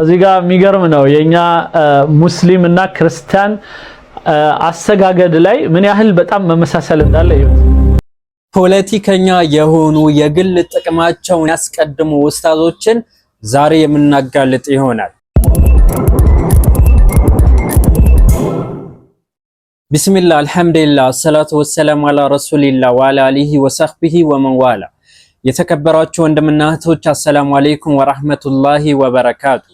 እዚህ ጋር የሚገርም ነው የኛ ሙስሊም እና ክርስቲያን አሰጋገድ ላይ ምን ያህል በጣም መመሳሰል እንዳለ ይሁን። ፖለቲከኛ የሆኑ የግል ጥቅማቸውን ያስቀድሙ ውስታዞችን ዛሬ የምናጋልጥ ይሆናል። ቢስሚላ አልሐምዱሊላ ሰላቱ ወሰላም አላ ረሱሊላ ወአላ አሊሂ ወሰህቢሂ ወመንዋላ የተከበራችሁ ወንድምና እህቶች አሰላሙ አለይኩም ወራህመቱላሂ ወበረካቱ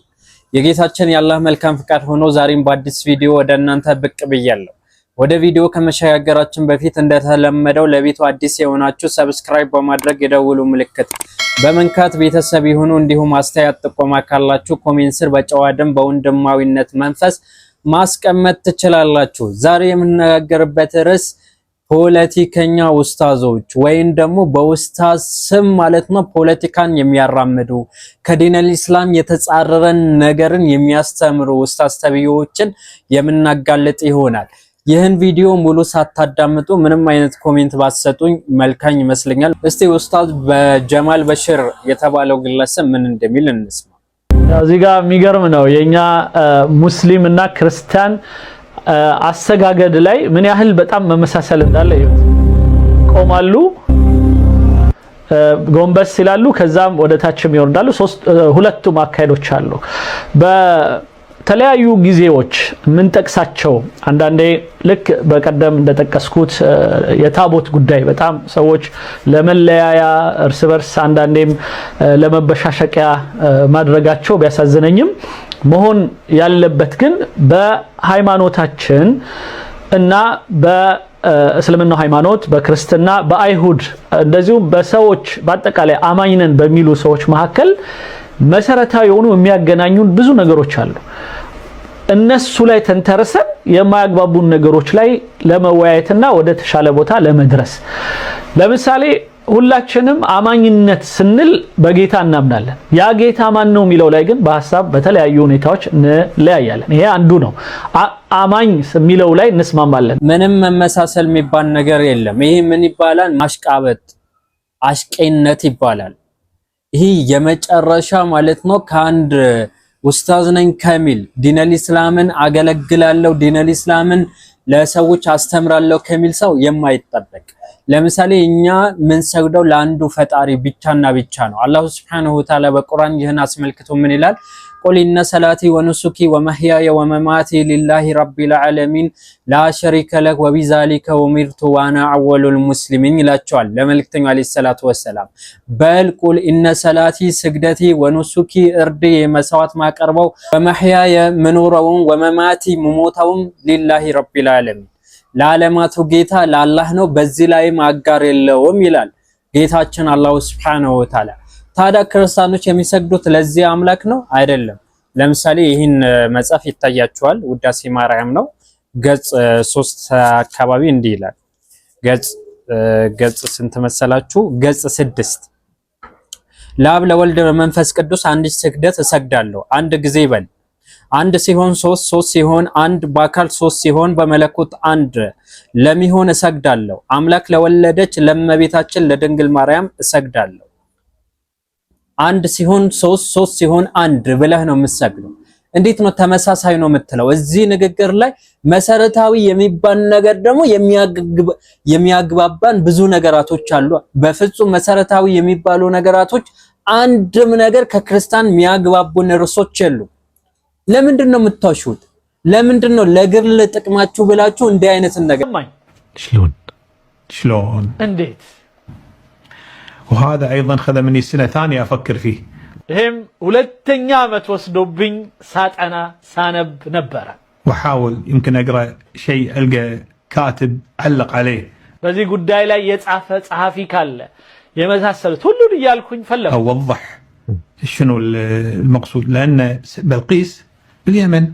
የጌታችን የአላህ መልካም ፍቃድ ሆኖ ዛሬም በአዲስ ቪዲዮ ወደ እናንተ ብቅ ብያለሁ። ወደ ቪዲዮ ከመሸጋገራችን በፊት እንደተለመደው ለቤቱ አዲስ የሆናችሁ ሰብስክራይብ በማድረግ የደውሉ ምልክት በመንካት ቤተሰብ የሆኑ እንዲሁም አስተያየት ጥቆማ ካላችሁ ኮሜንት ስር በጨዋ ደም በወንድማዊነት መንፈስ ማስቀመጥ ትችላላችሁ። ዛሬ የምነጋገርበት ርዕስ ፖለቲከኛ ውስታዞች ወይም ደግሞ በውስታዝ ስም ማለት ነው ፖለቲካን የሚያራምዱ ከዲነል ኢስላም የተጻረረን ነገርን የሚያስተምሩ ውስታዝ ተብዬዎችን የምናጋልጥ ይሆናል። ይህን ቪዲዮ ሙሉ ሳታዳምጡ ምንም አይነት ኮሜንት ባትሰጡኝ መልካኝ ይመስለኛል። እስቲ ውስታዝ በጀማል በሽር የተባለው ግለሰብ ምን እንደሚል እንስማ። እዚህ ጋር የሚገርም ነው የኛ ሙስሊም እና ክርስቲያን አሰጋገድ ላይ ምን ያህል በጣም መመሳሰል እንዳለ ይሁት ቆማሉ፣ ጎንበስ ይላሉ፣ ከዛም ወደ ታችም ሶስት ሁለቱም አካሄዶች አሉ። በተለያዩ ጊዜዎች የምንጠቅሳቸው አንዳንዴ ልክ በቀደም እንደጠቀስኩት የታቦት ጉዳይ በጣም ሰዎች ለመለያያ እርስ በርስ አንዳንዴም ለመበሻሸቂያ ማድረጋቸው ቢያሳዝነኝም መሆን ያለበት ግን በሃይማኖታችን እና በእስልምናው ሃይማኖት በክርስትና በአይሁድ እንደዚሁም በሰዎች በአጠቃላይ አማኝነን በሚሉ ሰዎች መካከል መሰረታዊ የሆኑ የሚያገናኙን ብዙ ነገሮች አሉ። እነሱ ላይ ተንተርሰን የማያግባቡን ነገሮች ላይ ለመወያየትና ወደ ተሻለ ቦታ ለመድረስ ለምሳሌ ሁላችንም አማኝነት ስንል በጌታ እናምናለን። ያ ጌታ ማን ነው የሚለው ላይ ግን በሀሳብ በተለያዩ ሁኔታዎች እንለያያለን። ይሄ አንዱ ነው። አማኝ የሚለው ላይ እንስማማለን። ምንም መመሳሰል የሚባል ነገር የለም። ይሄ ምን ይባላል? ማሽቃበጥ፣ አሽቄነት ይባላል። ይሄ የመጨረሻ ማለት ነው ከአንድ ኡስታዝ ነኝ ከሚል ዲነል ኢስላምን አገለግላለሁ ዲነል ኢስላምን ለሰዎች አስተምራለሁ ከሚል ሰው የማይጠበቅ ለምሳሌ እኛ ምንሰግደው ለአንዱ ፈጣሪ ብቻና ብቻ ነው። አላሁ ሱብሓነሁ ወተዓላ በቁርአን ይህን አስመልክቶ ምን ይላል? ቁል ኢነ ሰላቲ ወኑሱኪ ወመህያየ ወመማቲ ሊላሂ ረቢል ዓለሚን ላ ሸሪከ ለህ ወቢዛሊከ ኡሚርቱ ወአና አወሉል ሙስሊሚን ይላቸዋል ለመልእክተኛው ዓለይሂ ሰላቱ ወሰላም። በል ቁል ኢነ ሰላቲ ስግደቲ፣ ወኑሱኪ እርድ የመሰዋት ማቀርበው፣ ወመህያየ ምኖረውም፣ ወመማቲ ምሞተውም ሊላሂ ረቢል ዓለሚን ለዓለማቱ ጌታ ለአላህ ነው፣ በዚህ ላይም አጋር የለውም ይላል ጌታችን አላሁ ሱብሓነሁ ወተዓላ። ታዲያ ክርስቲያኖች የሚሰግዱት ለዚህ አምላክ ነው አይደለም። ለምሳሌ ይህን መጽሐፍ ይታያችኋል፣ ውዳሴ ማርያም ነው ገጽ ሶስት አካባቢ እንዲህ ይላል። ገጽ ገጽ ስንት መሰላችሁ? ገጽ ስድስት ለአብ ለወልድ በመንፈስ ቅዱስ አንድ ስግደት እሰግዳለሁ አንድ ጊዜ ይበል አንድ ሲሆን ሶስት ሶስት ሲሆን አንድ በአካል ሶስት ሲሆን በመለኮት አንድ ለሚሆን እሰግዳለሁ። አምላክ ለወለደች ለመቤታችን ለድንግል ማርያም እሰግዳለሁ። አንድ ሲሆን ሶስት ሶስት ሲሆን አንድ ብለህ ነው የምትሰግደው። እንዴት ነው ተመሳሳይ ነው የምትለው? እዚህ ንግግር ላይ መሰረታዊ የሚባል ነገር ደግሞ የሚያግባባን ብዙ ነገራቶች አሉ። በፍጹም መሰረታዊ የሚባሉ ነገራቶች አንድም ነገር ከክርስቲያን የሚያግባቡን ርዕሶች የሉም። ለምንድን ነው የምታሹት? ለምንድን ነው ለግል ጥቅማችሁ ብላችሁ እንዲህ አይነት ነገር شلون شلون እንዴት وهذا ايضا خذ مني سنه ثانيه افكر فيه ይህም ሁለተኛ ዓመት ወስዶብኝ ሳጠና ሳነብ ነበረ واحاول يمكن اقرا شيء القى كاتب علق عليه በዚህ ጉዳይ ላይ የጻፈ ጸሐፊ ካለ የመሳሰሉት ሁሉን እያልኩኝ ፈለኩ اوضح شنو المقصود لان بلقيس የመን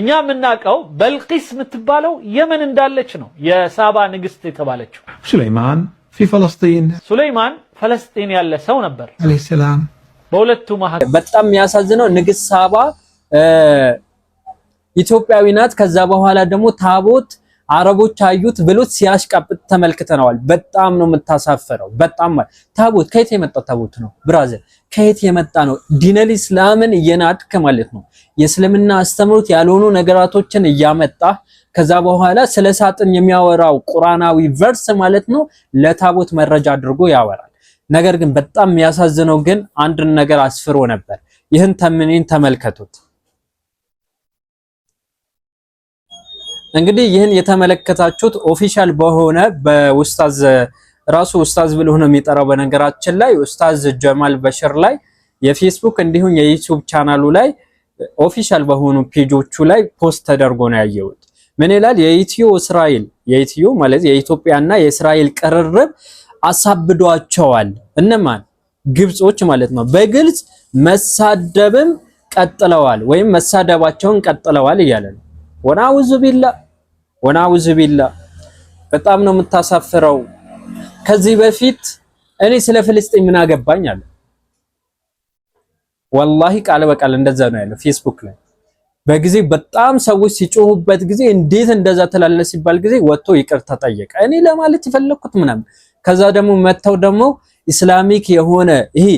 እኛ የምናውቀው በልቂስ የምትባለው የመን እንዳለች ነው። የሳባ ንግስት የተባለችው ሱለይማን ፊ ፈለስጢን ሱለይማን ፈለስጢን ያለ ሰው ነበር አለይሂ ሰላም። በሁለቱ መሀል በጣም የሚያሳዝነው ንግስት ሳባ ኢትዮጵያዊ ናት። ከዛ በኋላ ደግሞ ታቦት አረቦች አዩት ብሎት ሲያሽቃብጥ ተመልክተነዋል። በጣም ነው የምታሳፈረው። በጣም ማለት ታቦት ከየት የመጣ ታቦት ነው? ብራዘር ከየት የመጣ ነው? ዲነል ኢስላምን እየናድክ ማለት ነው። የእስልምና አስተምሮት ያልሆኑ ነገራቶችን እያመጣ ከዛ በኋላ ስለ ሳጥን የሚያወራው ቁራናዊ ቨርስ ማለት ነው ለታቦት መረጃ አድርጎ ያወራል። ነገር ግን በጣም የሚያሳዝነው ግን አንድን ነገር አስፍሮ ነበር። ይህን ተምኔን ተመልከቱት። እንግዲህ ይህን የተመለከታችሁት ኦፊሻል በሆነ በኡስታዝ ራሱ ኡስታዝ ብሎ ነው የሚጠራው። በነገራችን ላይ ኡስታዝ ጀማል በሽር ላይ የፌስቡክ እንዲሁም የዩቲዩብ ቻናሉ ላይ ኦፊሻል በሆኑ ፔጆቹ ላይ ፖስት ተደርጎ ነው ያየሁት። ምን ይላል? የኢትዮ እስራኤል የኢትዮ ማለት የኢትዮጵያና የእስራኤል ቅርርብ አሳብዷቸዋል። እነማን ግብጾች ማለት ነው። በግልጽ መሳደብም ቀጥለዋል ወይም መሳደባቸውን ቀጥለዋል እያለ ነው ወናውዝ ቢላ ወናውዝ ቢላ በጣም ነው የምታሳፍረው። ከዚህ በፊት እኔ ስለ ፍልስጤም ምን አገባኝ አለ። ወላሂ ቃል በቃል እንደዛ ነው ያለው ፌስቡክ ላይ በጊዜ በጣም ሰዎች ሲጮሁበት ጊዜ እንዴት እንደዛ ትላለህ ሲባል ጊዜ ወጥቶ ይቅርታ ጠየቀ። እኔ ለማለት የፈለኩት ምናምን ከዛ ደግሞ መተው ደግሞ ኢስላሚክ የሆነ ይሄ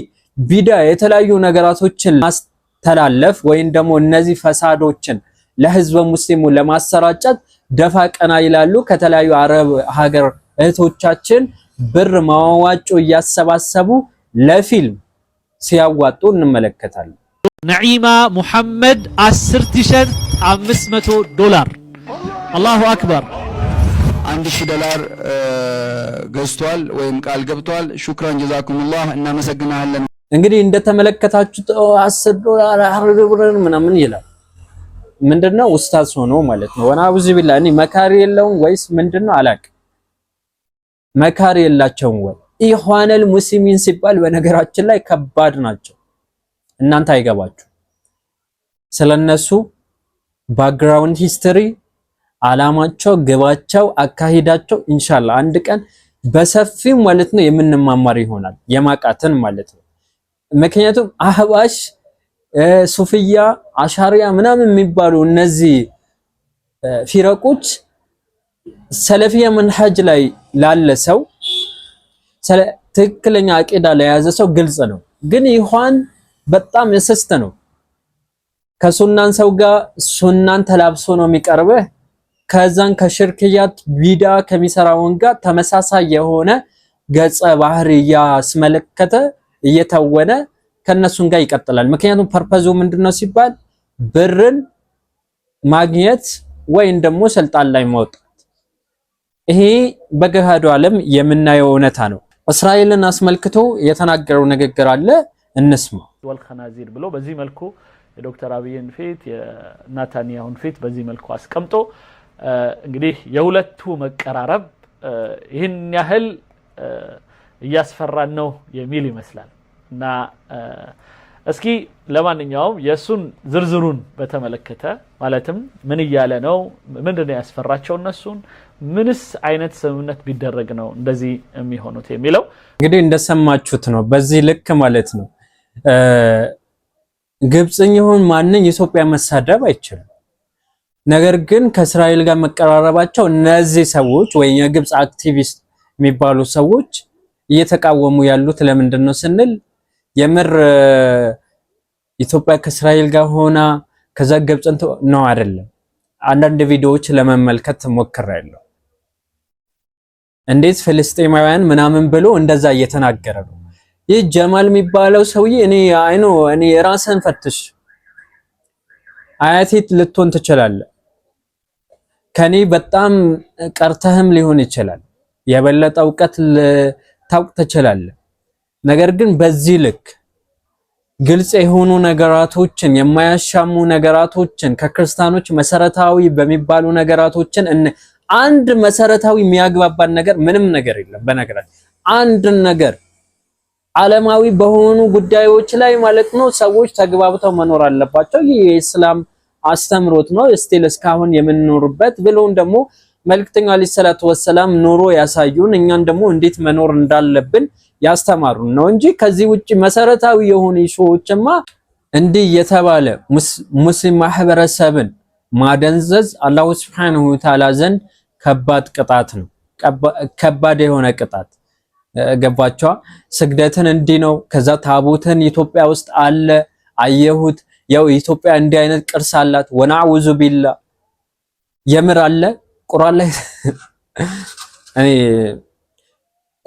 ቢዳ የተለያዩ ነገራቶችን ማስተላለፍ ወይም ደግሞ እነዚህ ፈሳዶችን ለህዝበ ሙስሊሙ ለማሰራጨት ደፋ ቀና ይላሉ። ከተለያዩ አረብ ሀገር እህቶቻችን ብር መዋጮ እያሰባሰቡ ለፊልም ሲያዋጡ እንመለከታለን። ነዒማ ሙሐመድ 10 ቲሸርት 500 ዶላር። አላሁ አክበር። አንድ ሺህ ዶላር ገዝቷል ወይም ቃል ገብቷል። ሹክራን ጀዛኩሙላህ፣ እናመሰግናለን። እንግዲህ እንደተመለከታችሁት 10 ዶላር ምናምን ይላል ምንድነው ኡስታዝ ሆኖ ማለት ነው። ወናውዝ ቢላ እኔ መካሪ የለውም ወይስ ምንድነው አላቅም። መካሪ የላቸውም ወይ ኢኽዋነል ሙስሊሚን ሲባል በነገራችን ላይ ከባድ ናቸው። እናንተ አይገባችሁ። ስለነሱ ባክግራውንድ ሂስትሪ፣ አላማቸው፣ ግባቸው፣ አካሂዳቸው ኢንሻአላህ አንድ ቀን በሰፊው ማለት ነው የምንማማር ይሆናል የማቃተን ማለት ነው። ምክንያቱም አህባሽ ሱፍያ፣ አሻሪያ ምናምን የሚባሉ እነዚህ ፊረቆች ሰለፊያ መንሐጅ ላይ ላለ ሰው ትክክለኛ አቂዳ ለያዘ ሰው ግልጽ ነው። ግን ይሁን በጣም እስስት ነው። ከሱናን ሰው ጋር ሱናን ተላብሶ ነው የሚቀርበ ከዛን ከሽርክያት ቢዳ ከሚሰራውን ጋር ተመሳሳይ የሆነ ገጸ ባህሪ እያስመለከተ እየተወነ ከነሱን ጋር ይቀጥላል። ምክንያቱም ፐርፐዙ ምንድነው ሲባል ብርን ማግኘት ወይም ደግሞ ስልጣን ላይ መውጣት። ይሄ በገሃዱ ዓለም የምናየው እውነታ ነው። እስራኤልን አስመልክቶ የተናገረው ንግግር አለ፣ እንስማ። ወልከናዚር ብሎ በዚህ መልኩ የዶክተር አብይን ፊት የናታንያሁን ፊት በዚህ መልኩ አስቀምጦ እንግዲህ የሁለቱ መቀራረብ ይህን ያህል እያስፈራን ነው የሚል ይመስላል። እና እስኪ ለማንኛውም የእሱን ዝርዝሩን በተመለከተ ማለትም ምን እያለ ነው? ምንድ ነው ያስፈራቸው እነሱን? ምንስ አይነት ስምምነት ቢደረግ ነው እንደዚህ የሚሆኑት የሚለው እንግዲህ እንደሰማችሁት ነው። በዚህ ልክ ማለት ነው ግብፅን ይሁን የኢትዮጵያ ኢትዮጵያ መሳደብ አይችልም። ነገር ግን ከእስራኤል ጋር መቀራረባቸው እነዚህ ሰዎች ወይም የግብፅ አክቲቪስት የሚባሉ ሰዎች እየተቃወሙ ያሉት ለምንድን ነው ስንል የምር ኢትዮጵያ ከእስራኤል ጋር ሆና ከዛ ገብፀን ነው አይደለም። አንዳንድ ቪዲዮዎች ለመመልከት ሞክሬያለሁ። እንዴት ፍልስጤማውያን ምናምን ብሎ እንደዛ እየተናገረ ነው። ይህ ጀማል የሚባለው ሰውዬ እኔ አይኖ እኔ ራስን ፈትሽ አያቴት ልትሆን ትችላለህ። ከኔ በጣም ቀርተህም ሊሆን ይችላል። የበለጠ እውቀት ልታውቅ ትችላለህ። ነገር ግን በዚህ ልክ ግልጽ የሆኑ ነገራቶችን የማያሻሙ ነገራቶችን ከክርስቲያኖች መሰረታዊ በሚባሉ ነገራቶችን አንድ መሰረታዊ የሚያግባባን ነገር ምንም ነገር የለም። በነገራችን አንድ ነገር ዓለማዊ በሆኑ ጉዳዮች ላይ ማለት ነው ሰዎች ተግባብተው መኖር አለባቸው። ይህ የእስላም አስተምሮት ነው። ስቲል እስካሁን የምንኖርበት ብሎም ደግሞ መልክተኛው አለይሂ ሰላቱ ወሰላም ኑሮ ያሳዩን እኛን ደግሞ እንዴት መኖር እንዳለብን ያስተማሩን ነው እንጂ ከዚህ ውጪ መሰረታዊ የሆኑ ሰዎችማ እንዲህ የተባለ ሙስሊም ማህበረሰብን ማደንዘዝ አላሁ ሱብሓነሁ ወተዓላ ዘንድ ከባድ ቅጣት ነው። ከባድ የሆነ ቅጣት ገባቸዋ። ስግደትን እንዲህ ነው። ከዛ ታቦትን ኢትዮጵያ ውስጥ አለ አየሁት። ያው ኢትዮጵያ እንዲህ አይነት ቅርስ አላት። ወናውዙ ቢላ የምር አለ ቁርአን ላይ እኔ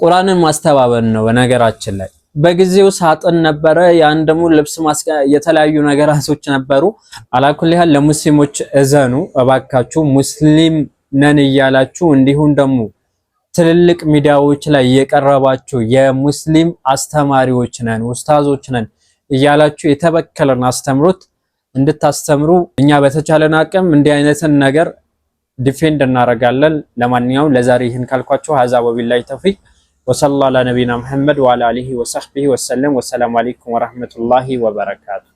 ቁርአንን ማስተባበል ነው። በነገራችን ላይ በጊዜው ሳጥን ነበረ፣ ያን ደግሞ ልብስ ማስቀያ የተለያዩ ነገራቶች ነበሩ። አላኩል ያህል ለሙስሊሞች እዘኑ እባካችሁ። ሙስሊም ነን እያላችሁ እንዲሁም ደግሞ ትልልቅ ሚዲያዎች ላይ የቀረባችሁ የሙስሊም አስተማሪዎች ነን ኡስታዞች ነን እያላችሁ የተበከለን አስተምሮት እንድታስተምሩ እኛ በተቻለን አቅም እንዲህ አይነትን ነገር ዲፌንድ እናደርጋለን። ለማንኛውም ለዛሬ ይህን ካልኳችሁ ሀዛ ወቢላይ ተውፊቅ وصلى الله على نبينا محمد وعلى اله وصحبه وسلم والسلام عليكم ورحمه الله وبركاته